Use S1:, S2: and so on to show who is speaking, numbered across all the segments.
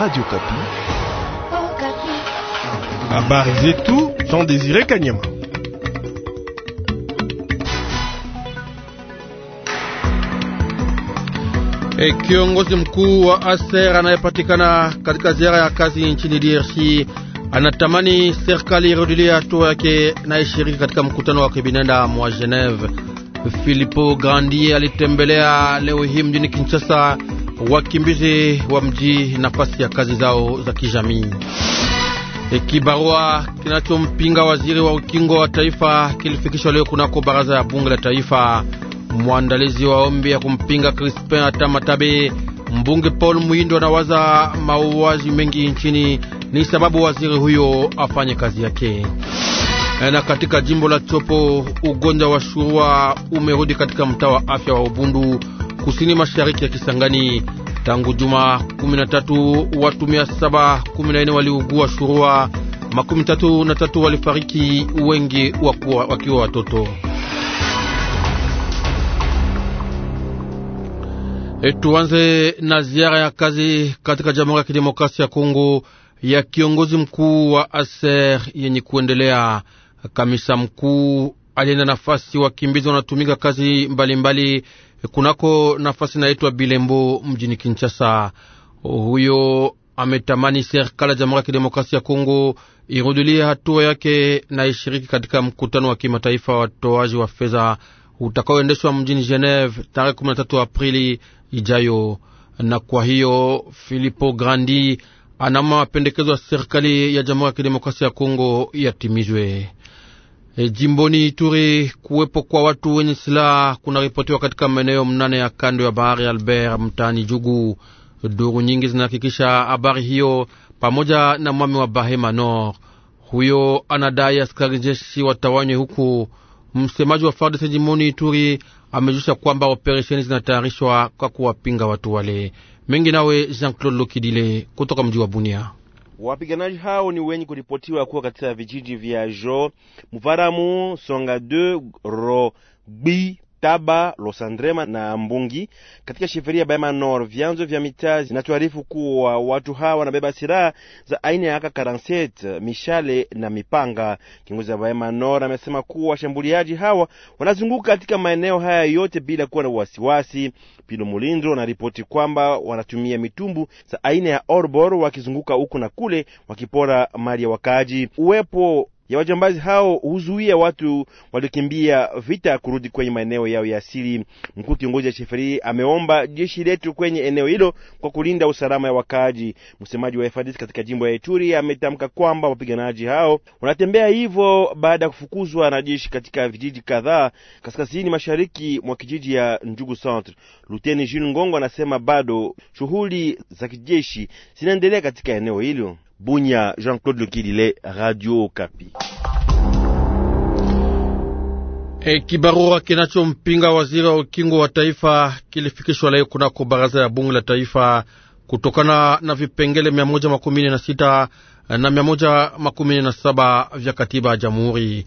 S1: Radio Kapi. Habari oh,
S2: zetu Jean Désiré Kanyama. Hey, eh, kiongozi mkuu wa ASER anayepatikana katika ziara ya kazi nchini DRC anatamani serikali irudilie hatua yake na ishiriki katika mkutano wa kibinenda mwa Geneve. Filippo Grandi alitembelea leo hii mjini Kinshasa wakimbizi wa mji nafasi ya kazi zao za kijamii. E, kibarua kinachompinga waziri wa ukingo wa taifa kilifikishwa leo kunako baraza ya bunge la taifa. Mwandalizi wa ombi ya kumpinga Crispin Atamatabe, mbunge Paul Muindo anawaza mauaji mengi nchini ni sababu waziri huyo afanye kazi yake. E, na katika jimbo la Chopo ugonjwa wa shurua umerudi katika mtaa wa afya wa Ubundu kusini mashariki ya Kisangani. Tangu juma 13 watu 714 waliugua shurua, makumi tatu na tatu walifariki, wengi wakuwa, wakiwa watoto. E, tuanze na ziara ya kazi katika Jamhuri ya Kidemokrasia ya Kongo ya kiongozi mkuu wa ASER yenye kuendelea. Kamisa mkuu alienda nafasi wakimbizi wanatumika kazi mbalimbali mbali, kunako nafasi naitwa Bilembo mjini Kinshasa. Huyo ametamani serikali ya Jamhuri ya Kidemokrasia ya Kongo irudilie hatua yake na ishiriki katika mkutano wa kimataifa wa toaji wa fedha utakaoendeshwa mjini Geneve tarehe 13 Aprili ijayo. Na kwa hiyo Filippo Grandi anama mapendekezo ya serikali ya Jamhuri ya Kidemokrasia ya Kongo yatimizwe. E, jimboni Ituri kuwepo kwa watu wenye silaha kunaripotiwa katika maeneo mnane ya kando ya bahari Albert mtaani Jugu. Duru nyingi zinahakikisha habari hiyo pamoja na mwami wa Bahema Nord. Huyo anadai askari jeshi watawanywe huku. Msemaji wa FARDC jimboni Ituri amejusha kwamba operesheni zinatayarishwa kwa kuwapinga watu wale. Mengi nawe Jean-Claude Lokidile kutoka mji wa Bunia.
S3: Wapiganaji hao ni wenye kuripotiwa kuwa katika vijiji vya Jo Mvaramu, Songa 2, Rogbi Taba, Losandrema na Mbungi katika shiferia Baema Nor. Vyanzo vya mitaa zinatuarifu kuwa watu hawa wanabeba silaha za aina ya AK47, mishale na mipanga. Kiongozi wa Baema Nor amesema kuwa washambuliaji hawa wanazunguka katika maeneo haya yote bila kuwa na wasiwasi. Pilo Mulindro anaripoti kwamba wanatumia mitumbu za aina ya orbor wakizunguka huku na kule wakipora mali ya wakaaji. Uwepo ya wajambazi hao huzuia watu waliokimbia vita kurudi kwenye maeneo yao ya asili. Mkuu kiongozi wa sheferi ameomba jeshi letu kwenye eneo hilo kwa kulinda usalama ya wakaaji. Msemaji wa FARDC katika jimbo ya Ituri ametamka kwamba wapiganaji hao wanatembea hivyo baada ya kufukuzwa na jeshi katika vijiji kadhaa kaskazini mashariki mwa kijiji ya Njugu Centre. Luteni Jules Ngongo anasema bado shughuli za kijeshi zinaendelea katika eneo hilo. Bunya, Jean-Claude Lokidile, Radio
S2: Okapi. Hey, kibarua kinachompinga waziri wa ukingo wa taifa kilifikishwa leo kunako baraza ya bunge la taifa kutokana na vipengele mia moja makumi na sita eh, na mia moja makumi na saba vya katiba ya jamhuri.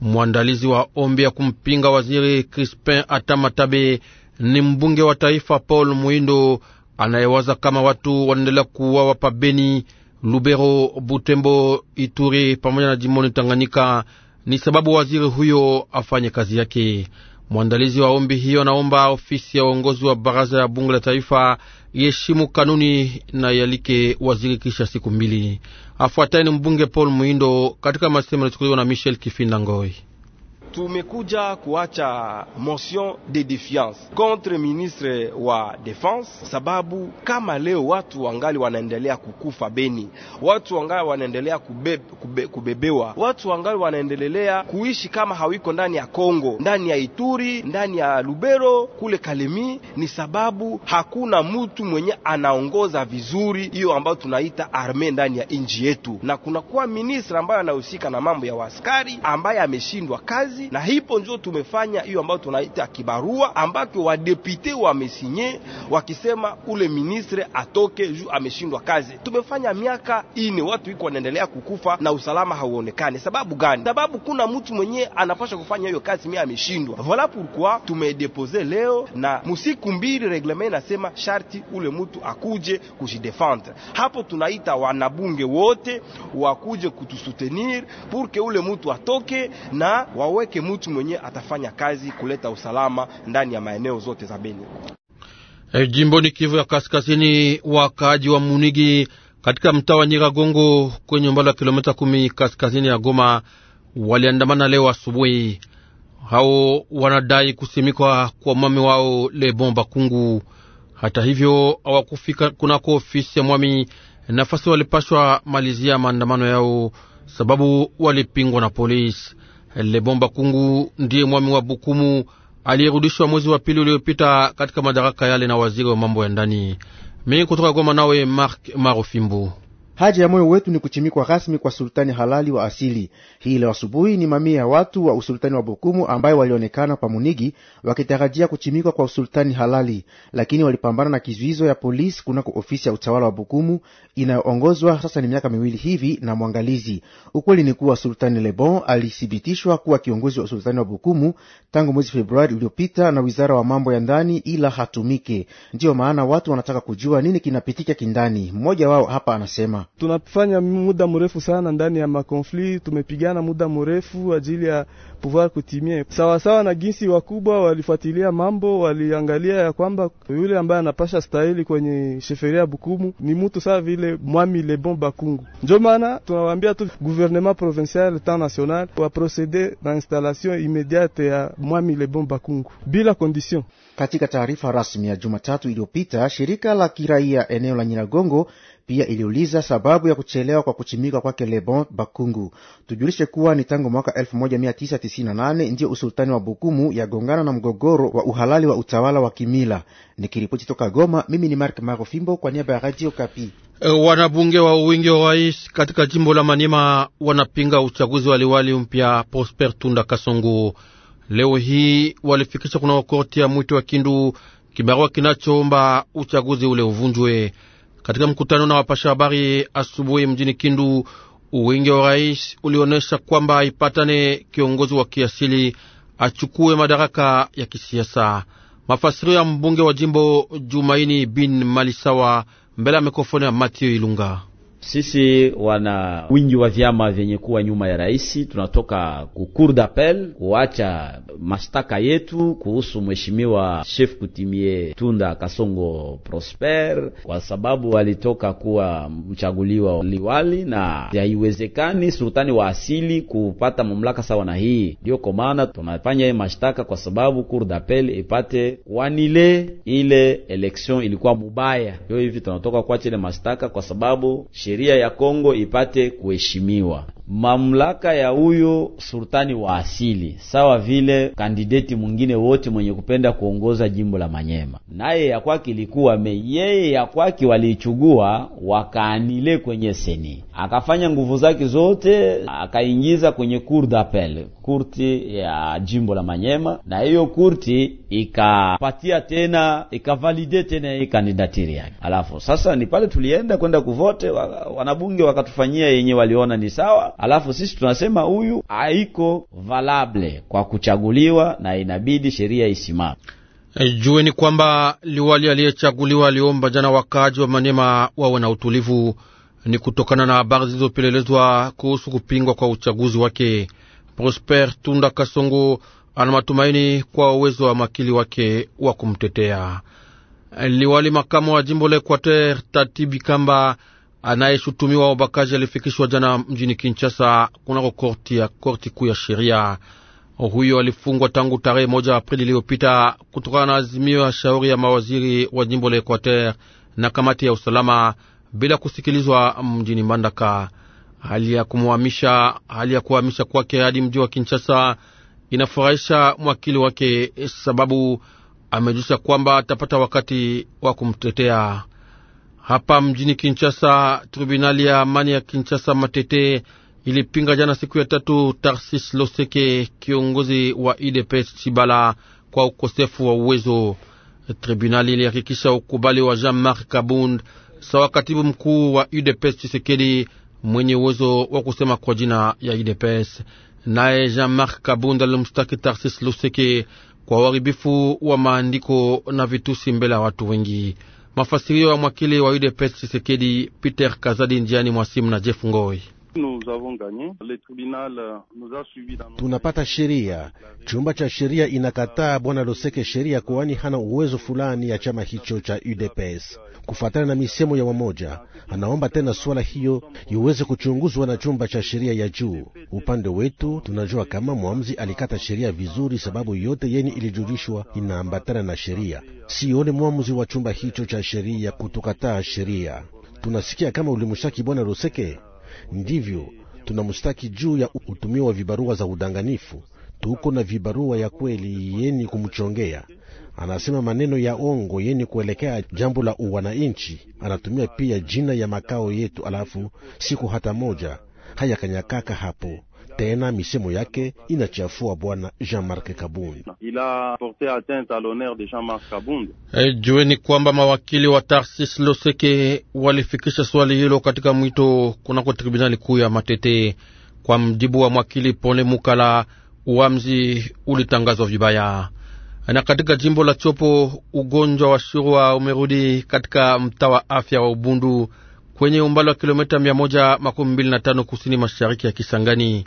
S2: Mwandalizi wa ombi ya kumpinga waziri Crispin Atamatabe ni mbunge wa taifa Paul Muindo anayewaza kama watu wanaendelea kuuawa pabeni Lubero, Butembo, Ituri pamoja na jimboni Tanganyika ni sababu waziri huyo afanye kazi yake. Mwandalizi wa ombi hiyo anaomba ofisi ya uongozi wa baraza ya bunge la taifa iheshimu kanuni na yalike waziri kisha siku mbili. ni mbunge Paul Muindo katika masemo yalichukuliwa na Michel Kifinda Ngoi
S4: tumekuja kuacha motion de defiance contre ministre wa defense, sababu kama leo watu wangali wanaendelea kukufa Beni, watu wangali wanaendelea kube, kube, kubebewa, watu wangali wanaendelea kuishi kama hawiko ndani ya Kongo, ndani ya Ituri, ndani ya Lubero, kule Kalemi, ni sababu hakuna mtu mwenye anaongoza vizuri hiyo ambayo tunaita arme ndani ya inji yetu, na kunakuwa ministre ambayo anahusika na mambo ya waskari ambaye ameshindwa kazi kazi, na hipo ndio tumefanya hiyo ambayo tunaita kibarua ambacho wadepute wamesinye wakisema ule ministre atoke juu ameshindwa kazi. Tumefanya miaka ine, watu iko wanaendelea kukufa na usalama hauonekani. Sababu gani? Sababu kuna mtu mwenye anapasha kufanya hiyo kazi, mimi ameshindwa. Voila pourquoi tumedepose leo na musiku mbili, reglement inasema sharti ule mtu akuje kujidefendre. Hapo tunaita wanabunge wote wakuje kutusutenir pour que ule mtu atoke na wawe tuweke mtu mwenye atafanya kazi kuleta usalama ndani ya maeneo zote za Beni.
S2: E, jimboni Kivu ya kaskazini, wakaaji wa Munigi katika mtaa wa Nyiragongo kwenye umbali wa kilomita kumi kaskazini ya Goma waliandamana leo asubuhi. Hao wanadai kusimikwa kwa mwami wao Lebon Bakungu. Hata hivyo hawakufika kunako ofisi ya mwami, nafasi walipashwa malizia maandamano yao sababu walipingwa na polisi. Lebomba Kungu ndiye mwami wa Bukumu aliyerudishwa mwezi wa pili uliopita katika madaraka yale na waziri wa mambo ya ndani. Mimi kutoka Goma, nawe Mark Marofimbu.
S5: Haja ya moyo wetu ni kuchimikwa rasmi kwa sultani halali wa asili. Hii leo asubuhi ni mamia ya watu wa usultani wa Bukumu ambayo walionekana pa Munigi wakitarajia kuchimikwa kwa usultani halali, lakini walipambana na kizuizo ya polisi kunako ofisi ya utawala wa Bukumu inayoongozwa sasa ni miaka miwili hivi na mwangalizi. Ukweli ni kuwa Sultani Lebon alithibitishwa kuwa kiongozi wa usultani wa Bukumu tangu mwezi Februari uliopita na wizara wa mambo ya ndani, ila hatumike. Ndiyo maana watu wanataka kujua nini kinapitika kindani. Mmoja wao hapa anasema
S4: tunafanya muda mrefu sana ndani ya makonfli, tumepigana muda mrefu ajili ya pouvoir kutimia sawasawa na ginsi. Wakubwa walifuatilia mambo, waliangalia ya kwamba yule ambaye anapasha stahili kwenye sheferia Bukumu ni mutu saa vile Mwami Lebon Bakungu. Ndio maana tunawaambia tu gouvernement provincial
S5: tan national waprocede na installation imediate ya Mwami Lebon Bakungu bila condition. Katika taarifa rasmi ya Jumatatu iliyopita, shirika la kiraia eneo la Nyiragongo pia iliuliza sababu ya kuchelewa kwa kuchimika kwake Lebon Bakungu. Tujulishe kuwa ni tangu mwaka 1998 ndiyo usultani wa Bukumu yagongana na mgogoro wa uhalali wa utawala wa kimila. Nikiripoti toka Goma, mimi ni Mark Marofimbo kwa niaba ya Radio Kapi.
S2: E, wanabunge wa uwingi wa rais katika jimbo la Manima wanapinga uchaguzi wa liwali mpya Prosper Tunda Kasongo. Leo hii walifikisha kuna wakoti ya mwito wa Kindu kibarua kinachoomba uchaguzi ule uvunjwe. Katika mkutano na wapasha habari asubuhi mjini Kindu, wingi wa rais ulionyesha kwamba ipatane kiongozi wa kiasili achukue madaraka ya kisiasa. Mafasirio ya mbunge wa jimbo Jumaini bin Malisawa mbele ya
S6: mikrofoni ya Mathieu Ilunga. Sisi wana wingi wa vyama vyenye kuwa nyuma ya rais, tunatoka ku cour d'appel kuacha mashtaka yetu kuhusu mheshimiwa chef kutimie Tunda Kasongo Prosper, kwa sababu alitoka kuwa mchaguliwa liwali na haiwezekani sultani wa asili kupata mamlaka sawa na hii. Ndio kwa maana tunafanya hii mashtaka, kwa sababu cour d'appel ipate wanile ile election ilikuwa mubaya. Hiyo hivi tunatoka kuacha ile mashtaka kwa sababu sheria ya Kongo ipate kuheshimiwa mamlaka ya huyo sultani wa asili, sawa vile kandideti mwingine wote mwenye kupenda kuongoza jimbo la Manyema. Naye ya kwake ilikuwa me yeye ya kwake waliichugua wakaanile kwenye seni, akafanya nguvu zake zote akaingiza kwenye cour d'appel, kurti ya jimbo la Manyema, na hiyo kurti ikapatia tena ikavalide tena hii kandidatiri yake. Alafu sasa ni pale tulienda kwenda kuvote, wanabunge wakatufanyia yenye waliona ni sawa alafu sisi tunasema huyu haiko valable kwa kuchaguliwa na inabidi sheria isimame.
S2: E, jue ni kwamba liwali aliyechaguliwa aliomba jana wakaaji wa Manema wawe na utulivu, ni kutokana na habari zilizopelelezwa kuhusu kupingwa kwa uchaguzi wake. Prosper Tunda Kasongo ana matumaini kwa uwezo wa makili wake wa kumtetea e, liwali. Makamu wa jimbo la Equateur Tatibi Kamba anayeshutumiwa ubakaji alifikishwa jana mjini Kinshasa kunako korti ya korti kuu ya sheria. Huyo alifungwa tangu tarehe moja Aprili iliyopita kutokana na azimio ya shauri ya mawaziri wa jimbo la Equateur na kamati ya usalama bila kusikilizwa mjini Mbandaka. Hali ya hali ya kuhamisha kwake hadi mji wa Kinshasa inafurahisha mwakili wake, sababu amejusha kwamba atapata wakati wa kumtetea. Hapa mjini Kinshasa, tribunali ya amani ya Kinshasa Matete ilipinga jana siku ya tatu Tarsis Loseke, kiongozi wa UDPS Chibala, kwa ukosefu wa uwezo. Tribunali ilihakikisha ukubali wa Jean Marc Kabund sawa katibu mkuu wa UDPS Chisekedi, mwenye uwezo wa kusema kwa jina ya UDPS. Naye Jean Marc Kabund alimshtaki Tarsis Loseke kwa uharibifu wa maandiko na vitusi mbele ya watu wengi. Mafasirio ya mwakili wa UDPS Chisekedi Peter Kazadi njiani mwa simu na Jeff Ngoi tunapata
S1: sheria, chumba cha sheria inakataa bwana Loseke sheria, kwani hana uwezo fulani ya chama hicho cha UDPS kufuatana na misemo ya wamoja. Anaomba tena swala hiyo iweze kuchunguzwa na chumba cha sheria ya juu. Upande wetu tunajua kama mwamzi alikata sheria vizuri, sababu yote yeni ilijulishwa inaambatana na sheria. Sione mwamzi wa chumba hicho cha sheria kutukataa sheria. Tunasikia kama ulimushaki bwana Loseke Ndivyo mustaki juu ya utumio wa vibarua za udanganifu. Tuko na vibarua ya kweli yeni kumchongea, anasema maneno ya ongo yeni kuelekea jambo la uwananchi. Anatumia pia jina ya makao yetu, alafu siku hata moja hayakanyakaka hapo tena misemo yake inachafua bwana Jean-Marc Kabund.
S2: Hey, eh, jueni kwamba mawakili wa Tarsis Loseke walifikisha swali hilo katika mwito kunako tribunali kuu ya Matete. Kwa mjibu wa mwakili Pole Mukala, uamzi ulitangazwa vibaya na katika jimbo la Chopo ugonjwa wa shurwa umerudi katika mtaa wa afya wa Ubundu kwenye umbali wa kilomita 125 kusini mashariki ya Kisangani.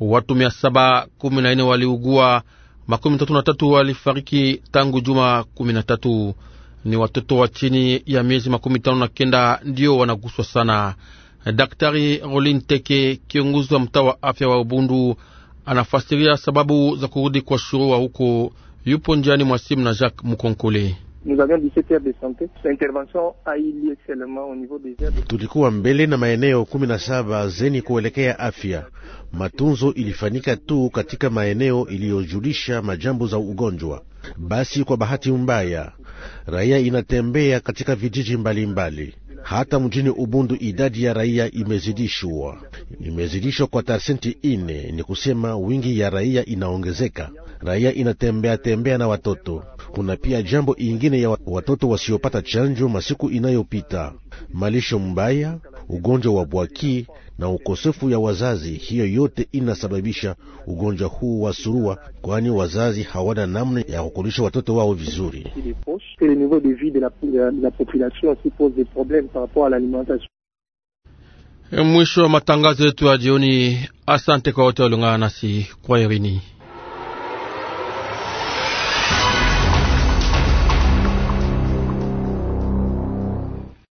S2: Watu 714 waliugua, 33 walifariki tangu juma 13. Ni watoto wa chini ya miezi 59 na kenda ndio wanaguswa sana. Daktari Rolin Teke, kiongozi wa mtaa wa afya wa Ubundu, anafasiria sababu za kurudi kwa shurua huko. Yupo njiani mwa simu na Jacques Mukonkole.
S5: Nous avions 17 heures de santé. eu lieu seulement au niveau des heures.
S1: Tulikuwa mbele na maeneo kumi na saba zeni kuelekea afya. Matunzo ilifanyika tu katika maeneo iliyojulisha majambo za ugonjwa. Basi kwa bahati mbaya, raia inatembea katika vijiji mbalimbali mbali. Hata mjini Ubundu idadi ya raia imezidishwa, imezidishwa kwa tarsenti ine. Ni kusema wingi ya raia inaongezeka, raia inatembea tembea na watoto kuna pia jambo ingine ya watoto wasiopata chanjo masiku inayopita, malisho mbaya, ugonjwa wa bwaki na ukosefu ya wazazi. Hiyo yote inasababisha ugonjwa huu wa surua, kwani wazazi hawana namna ya kukulisha watoto
S2: wao vizuri. Mwisho wa matangazo yetu ya jioni. Asante kwa wote waliungana nasi kwa Irini.